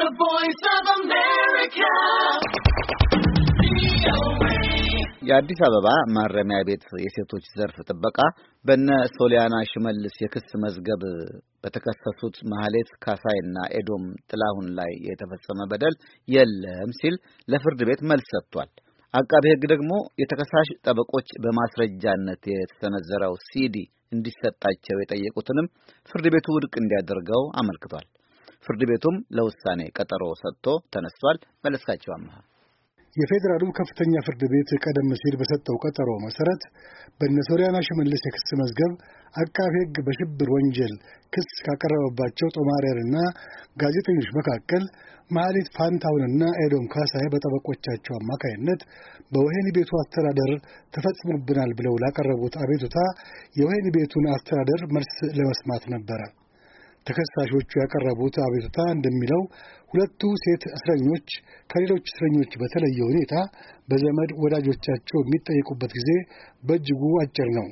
The Voice of America. የአዲስ አበባ ማረሚያ ቤት የሴቶች ዘርፍ ጥበቃ በነ ሶሊያና ሽመልስ የክስ መዝገብ በተከሰሱት ማህሌት ካሳይና ኤዶም ጥላሁን ላይ የተፈጸመ በደል የለም ሲል ለፍርድ ቤት መልስ ሰጥቷል። አቃቤ ሕግ ደግሞ የተከሳሽ ጠበቆች በማስረጃነት የተሰነዘረው ሲዲ እንዲሰጣቸው የጠየቁትንም ፍርድ ቤቱ ውድቅ እንዲያደርገው አመልክቷል። ፍርድ ቤቱም ለውሳኔ ቀጠሮ ሰጥቶ ተነስቷል። መለስካቸው አመሃ የፌዴራሉ ከፍተኛ ፍርድ ቤት ቀደም ሲል በሰጠው ቀጠሮ መሰረት በእነ ሶሊያና ሽመልስ የክስ መዝገብ አቃቤ ሕግ በሽብር ወንጀል ክስ ካቀረበባቸው ጦማርያንና ጋዜጠኞች መካከል መሐሊት ፋንታሁንና ኤዶም ካሳይ በጠበቆቻቸው አማካይነት በወህኒ ቤቱ አስተዳደር ተፈጽሞብናል ብለው ላቀረቡት አቤቱታ የወህኒ ቤቱን አስተዳደር መልስ ለመስማት ነበረ። ተከሳሾቹ ያቀረቡት አቤቱታ እንደሚለው ሁለቱ ሴት እስረኞች ከሌሎች እስረኞች በተለየ ሁኔታ በዘመድ ወዳጆቻቸው የሚጠየቁበት ጊዜ በእጅጉ አጭር ነው።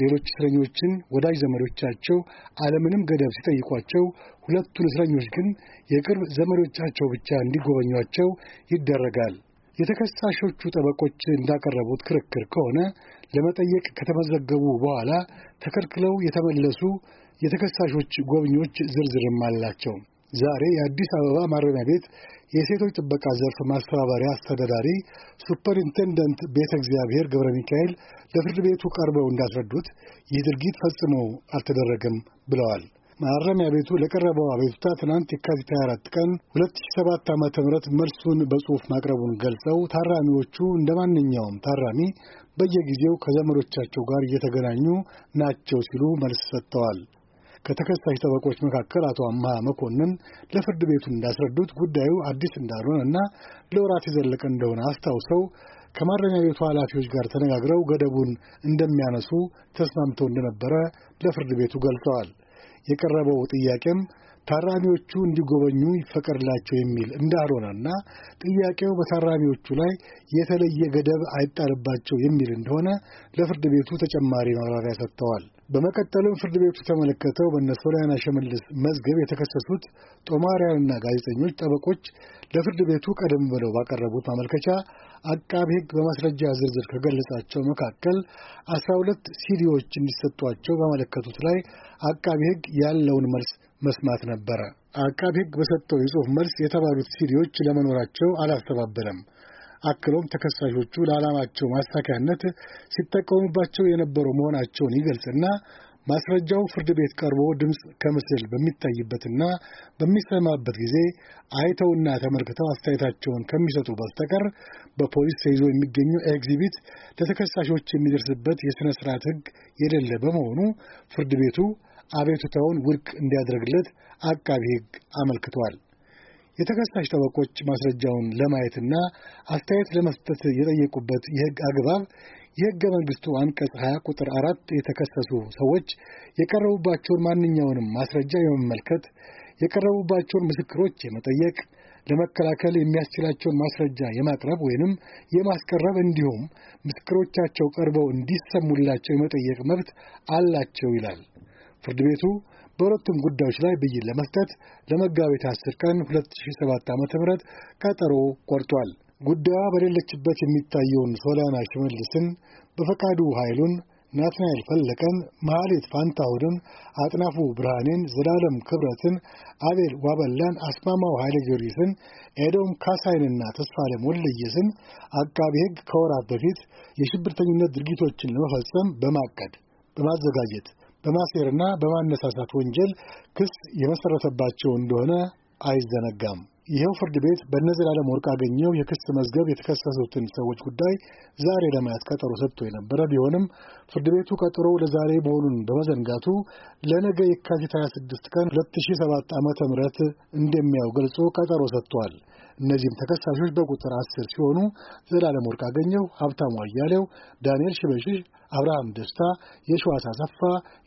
ሌሎች እስረኞችን ወዳጅ ዘመዶቻቸው አለምንም ገደብ ሲጠይቋቸው፣ ሁለቱን እስረኞች ግን የቅርብ ዘመዶቻቸው ብቻ እንዲጎበኟቸው ይደረጋል። የተከሳሾቹ ጠበቆች እንዳቀረቡት ክርክር ከሆነ ለመጠየቅ ከተመዘገቡ በኋላ ተከልክለው የተመለሱ የተከሳሾች ጎብኚዎች ዝርዝርም አላቸው። ዛሬ የአዲስ አበባ ማረሚያ ቤት የሴቶች ጥበቃ ዘርፍ ማስተባበሪያ አስተዳዳሪ ሱፐርኢንቴንደንት ቤተ እግዚአብሔር ገብረ ሚካኤል ለፍርድ ቤቱ ቀርበው እንዳስረዱት ይህ ድርጊት ፈጽሞ አልተደረገም ብለዋል። ማረሚያ ቤቱ ለቀረበው አቤቱታ ትናንት የካቲት 24 ቀን 2007 ዓ ም መልሱን በጽሑፍ ማቅረቡን ገልጸው ታራሚዎቹ እንደ ማንኛውም ታራሚ በየጊዜው ከዘመዶቻቸው ጋር እየተገናኙ ናቸው ሲሉ መልስ ሰጥተዋል። ከተከሳሽ ጠበቆች መካከል አቶ አምሃ መኮንን ለፍርድ ቤቱ እንዳስረዱት ጉዳዩ አዲስ እንዳልሆነ እና ለወራት የዘለቀ እንደሆነ አስታውሰው ከማረሚያ ቤቱ ኃላፊዎች ጋር ተነጋግረው ገደቡን እንደሚያነሱ ተስማምተው እንደነበረ ለፍርድ ቤቱ ገልጸዋል። የቀረበው ጥያቄም ታራሚዎቹ እንዲጎበኙ ይፈቀድላቸው የሚል እንዳልሆነና ጥያቄው በታራሚዎቹ ላይ የተለየ ገደብ አይጣልባቸው የሚል እንደሆነ ለፍርድ ቤቱ ተጨማሪ ማብራሪያ ሰጥተዋል። በመቀጠልም ፍርድ ቤቱ የተመለከተው በእነ ሶሊያና መዝገብ የተከሰሱት ጦማርያንና ጋዜጠኞች ጠበቆች ለፍርድ ቤቱ ቀደም ብለው ባቀረቡት ማመልከቻ አቃቢ ሕግ በማስረጃ ዝርዝር ከገለጻቸው መካከል አስራ ሁለት ሲዲዎች እንዲሰጧቸው ባመለከቱት ላይ አቃቢ ሕግ ያለውን መልስ መስማት ነበረ። አቃቢ ሕግ በሰጠው የጽሑፍ መልስ የተባሉት ሲዲዎች ለመኖራቸው አላስተባበለም። አክሎም ተከሳሾቹ ለዓላማቸው ማሳኪያነት ሲጠቀሙባቸው የነበሩ መሆናቸውን ይገልጽና ማስረጃው ፍርድ ቤት ቀርቦ ድምፅ ከምስል በሚታይበትና በሚሰማበት ጊዜ አይተውና ተመልክተው አስተያየታቸውን ከሚሰጡ በስተቀር በፖሊስ ተይዞ የሚገኙ ኤግዚቢት ለተከሳሾች የሚደርስበት የሥነ ሥርዓት ሕግ የሌለ በመሆኑ ፍርድ ቤቱ አቤቱታውን ውድቅ እንዲያደርግለት አቃቢ ሕግ አመልክቷል። የተከሳሽ ጠበቆች ማስረጃውን ለማየትና አስተያየት ለመስጠት የጠየቁበት የሕግ አግባብ የህገ መንግስቱ አንቀጽ 20 ቁጥር 4 የተከሰሱ ሰዎች የቀረቡባቸውን ማንኛውንም ማስረጃ የመመልከት የቀረቡባቸውን ምስክሮች የመጠየቅ ለመከላከል የሚያስችላቸውን ማስረጃ የማቅረብ ወይንም የማስቀረብ እንዲሁም ምስክሮቻቸው ቀርበው እንዲሰሙላቸው የመጠየቅ መብት አላቸው ይላል። ፍርድ ቤቱ በሁለቱም ጉዳዮች ላይ ብይን ለመስጠት ለመጋቢት 10 ቀን 2007 ዓ.ም ቀጠሮ ቆርጧል። ጉዳዩ በሌለችበት የሚታየውን ሶሊያና ሽመልስን፣ በፈቃዱ ኃይሉን፣ ናትናኤል ፈለቀን፣ መሐሌት ፋንታሁንን፣ አጥናፉ ብርሃኔን፣ ዘላለም ክብረትን፣ አቤል ዋበላን፣ አስማማው ኃይለ ጊዮርጊስን፣ ኤዶም ካሳይንና ተስፋለም ወለየስን አቃቢ ሕግ ከወራት በፊት የሽብርተኝነት ድርጊቶችን ለመፈጸም በማቀድ በማዘጋጀት በማሴርና በማነሳሳት ወንጀል ክስ የመሠረተባቸው እንደሆነ አይዘነጋም። ይኸው ፍርድ ቤት በእነ ዘላለም ወርቅአገኘሁ የክስ መዝገብ የተከሰሱትን ሰዎች ጉዳይ ዛሬ ለማየት ቀጠሮ ሰጥቶ የነበረ ቢሆንም ፍርድ ቤቱ ቀጠሮ ለዛሬ መሆኑን በመዘንጋቱ ለነገ የካቲት 26 ቀን 2007 ዓ ም እንደሚያው ገልጾ ቀጠሮ ሰጥቷል። እነዚህም ተከሳሾች በቁጥር አስር ሲሆኑ ዘላለም ወርቅአገኘሁ፣ ሀብታሙ አያሌው፣ ዳንኤል ሽበሽሽ አብርሃም ደስታ፣ የሸዋስ አሰፋ፣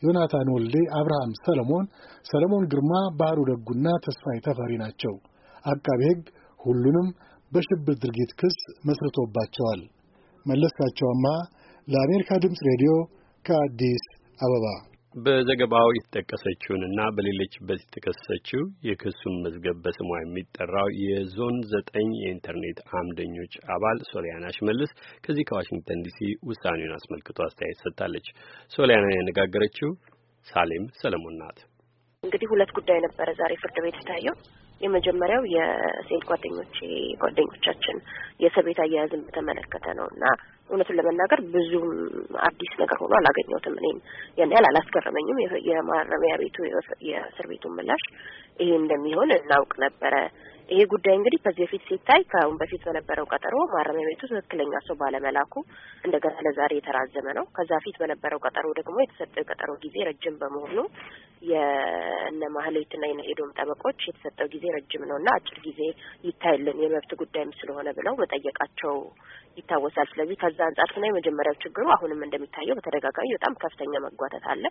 ዮናታን ወልዴ፣ አብርሃም ሰለሞን፣ ሰለሞን ግርማ፣ ባህሩ ደጉና ተስፋዬ ተፈሪ ናቸው። አቃቤ ሕግ ሁሉንም በሽብር ድርጊት ክስ መስርቶባቸዋል። መለስካቸውማ ለአሜሪካ ድምፅ ሬዲዮ ከአዲስ አበባ በዘገባው የተጠቀሰችውንና በሌለችበት የተከሰሰችው የክሱን መዝገብ በስሟ የሚጠራው የዞን ዘጠኝ የኢንተርኔት አምደኞች አባል ሶሊያና ሽመልስ ከዚህ ከዋሽንግተን ዲሲ ውሳኔውን አስመልክቶ አስተያየት ሰጥታለች። ሶሊያና ያነጋገረችው ሳሌም ሰለሞን ናት። እንግዲህ ሁለት ጉዳይ ነበረ ዛሬ ፍርድ ቤት የታየው የመጀመሪያው የሴት ጓደኞቼ ጓደኞቻችን የእስር ቤት አያያዝን በተመለከተ ነው እና እውነቱን ለመናገር ብዙም አዲስ ነገር ሆኖ አላገኘሁትም። እኔም ያን ያህል አላስገረመኝም። የማረሚያ ቤቱ የእስር ቤቱን ምላሽ ይሄ እንደሚሆን እናውቅ ነበረ። ይሄ ጉዳይ እንግዲህ ከዚህ በፊት ሲታይ ከአሁን በፊት በነበረው ቀጠሮ ማረሚያ ቤቱ ትክክለኛ ሰው ባለመላኩ እንደገና ለዛሬ የተራዘመ ነው። ከዛ ፊት በነበረው ቀጠሮ ደግሞ የተሰጠው የቀጠሮ ጊዜ ረጅም በመሆኑ የእነ ማህሌትና የነ ጠበቆች የተሰጠው ጊዜ ረጅም ነው እና አጭር ጊዜ ይታይልን የመብት ጉዳይም ስለሆነ ብለው መጠየቃቸው ይታወሳል። ስለዚህ ከዛ አንጻር ስና የመጀመሪያው ችግሩ አሁንም እንደሚታየው በተደጋጋሚ በጣም ከፍተኛ መጓተት አለ።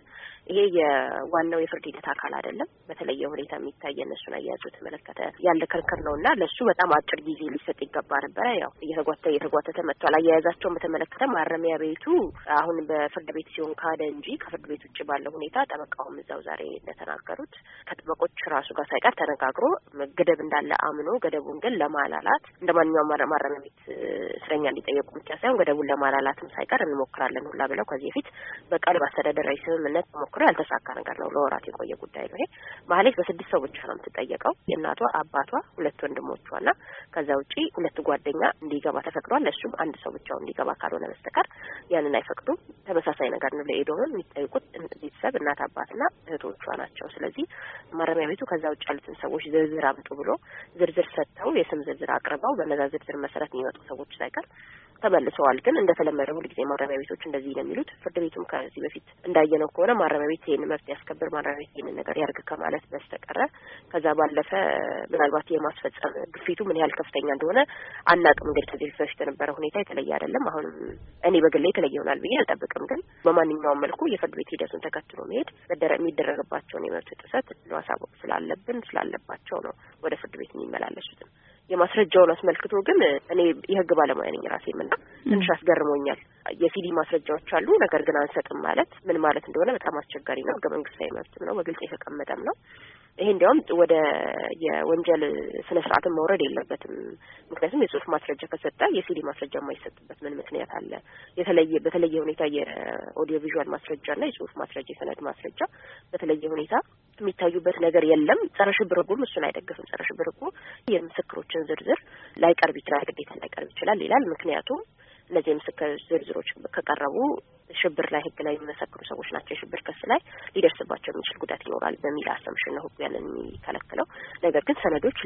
ይሄ የዋናው የፍርድ ሂደት አካል አይደለም። በተለየ ሁኔታ የሚታይ እነሱን አያያዙ በተመለከተ ያለ ክርክር ነው እና ለእሱ በጣም አጭር ጊዜ ሊሰጥ ይገባ ነበረ። ያው እየተጓተ እየተጓተተ መጥቷል። አያያዛቸውን በተመለከተ ማረሚያ ቤቱ አሁን በፍርድ ቤት ሲሆን ካደ እንጂ ከፍርድ ቤት ውጭ ባለው ሁኔታ ጠበቃውም እዛው ዛሬ እንደተናገሩት ከጥበቆች ራሱ ጋር ሳይቀር ተነጋግሮ ገደብ እንዳለ አምኖ ገደቡን ግን ለማላላት እንደ ማንኛውም ማረሚያ ቤት እስረኛ እንዲጠየቁ ብቻ ሳይሆን ገደቡን ለማላላትም ሳይቀር እንሞክራለን ሁላ ብለው ከዚህ በፊት በቃል በአስተዳደራዊ ስምምነት ሞክሮ ያልተሳካ ነገር ነው። ለወራት የቆየ ጉዳይ ነው ይሄ። ማህሌት በስድስት ሰው ብቻ ነው የምትጠየቀው። የእናቷ አባቷ፣ ሁለት ወንድሞቿና ከዛ ውጪ ሁለት ጓደኛ እንዲገባ ተፈቅዷል። እሱም አንድ ሰው ብቻው እንዲገባ ካልሆነ በስተቀር ያንን አይፈቅዱም። ተመሳሳይ ነገር ነው። ለኤዶምም የሚጠይቁት ቤተሰብ እናት አባትና እህቶቿ ናቸው። ስለዚህ ማረሚያ ቤቱ ከዛ ውጭ ያሉትን ሰዎች ዝርዝር አምጡ ብሎ ዝርዝር ሰጥተው የስም ዝርዝር አቅርበው በነዛ ዝርዝር መሰረት የሚመጡ ሰዎች ሳይቀር ተመልሰዋል። ግን እንደተለመደ ሁልጊዜ ማረሚያ ቤቶች እንደዚህ ነው የሚሉት። ፍርድ ቤቱም ከዚህ በፊት እንዳየነው ከሆነ ማረሚያ ቤት ይህን መብት ያስከብር፣ ማረሚያ ቤት ይህንን ነገር ያርግ ከማለት በስተቀረ ከዛ ባለፈ ምናልባት የማስፈጸም ግፊቱ ምን ያህል ከፍተኛ እንደሆነ አናቅም። እንግዲህ ከዚህ በፊት የነበረ ሁኔታ የተለየ አይደለም። አሁንም እኔ በግሌ የተለየ ይሆናል ብዬ አልጠብቅም። ግን በማንኛውም መልኩ የፍርድ ቤት ሂደቱን ተከትሎ መሄድ የሚደረግባቸውን የመብት ጥሰት ማሳወቅ ስላለብን ስላለባቸው ነው ወደ ፍርድ ቤት የሚመላለሱትም የማስረጃውን አስመልክቶ ግን እኔ የህግ ባለሙያ ነኝ ራሴም እና ትንሽ አስገርሞኛል። የሲዲ ማስረጃዎች አሉ፣ ነገር ግን አንሰጥም ማለት ምን ማለት እንደሆነ በጣም አስቸጋሪ ነው። ህገ መንግስታዊ መብትም ነው፣ በግልጽ የተቀመጠም ነው። ይሄ እንዲያውም ወደ የወንጀል ስነ ስርዓትን መውረድ የለበትም። ምክንያቱም የጽሁፍ ማስረጃ ከሰጠ የሲዲ ማስረጃ የማይሰጥበት ምን ምክንያት አለ? የተለየ በተለየ ሁኔታ የኦዲዮ ቪዥዋል ማስረጃ እና የጽሁፍ ማስረጃ የሰነድ ማስረጃ በተለየ ሁኔታ የሚታዩበት ነገር የለም። ጸረ ሽብር ህጉም እሱን አይደግፍም። ጸረ ሽብር ህጉ የምስክሮችን ዝርዝር ላይቀርብ ይችላል፣ ግዴታ ላይቀርብ ይችላል ይላል። ምክንያቱም እነዚህ የምስክር ዝርዝሮች ከቀረቡ ሽብር ላይ ህግ ላይ የሚመሰክሩ ሰዎች ናቸው። የሽብር ክስ ላይ ሊደርስባቸው የሚችል ጉዳት ይኖራል በሚል አሰምሽን ነው ህጉ ያንን የሚከለክለው። ነገር ግን ሰነዶች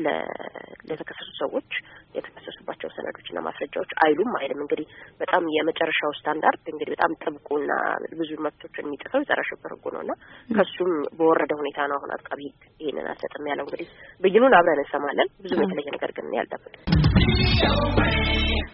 ለተከሰሱ ሰዎች የተከሰሱባቸው እና ማስረጃዎች አይሉም አይልም። እንግዲህ በጣም የመጨረሻው ስታንዳርድ እንግዲህ በጣም ጥብቁና ብዙ መብቶችን የሚጥሰው የጸረ ሽብር ህጉ ነው እና ከሱም በወረደ ሁኔታ ነው አሁን አቃቢ ህግ ይህንን አልሰጥም ያለው። እንግዲህ ብይኑን አብረን እንሰማለን። ብዙም የተለየ ነገር ግን ያልጠብቅ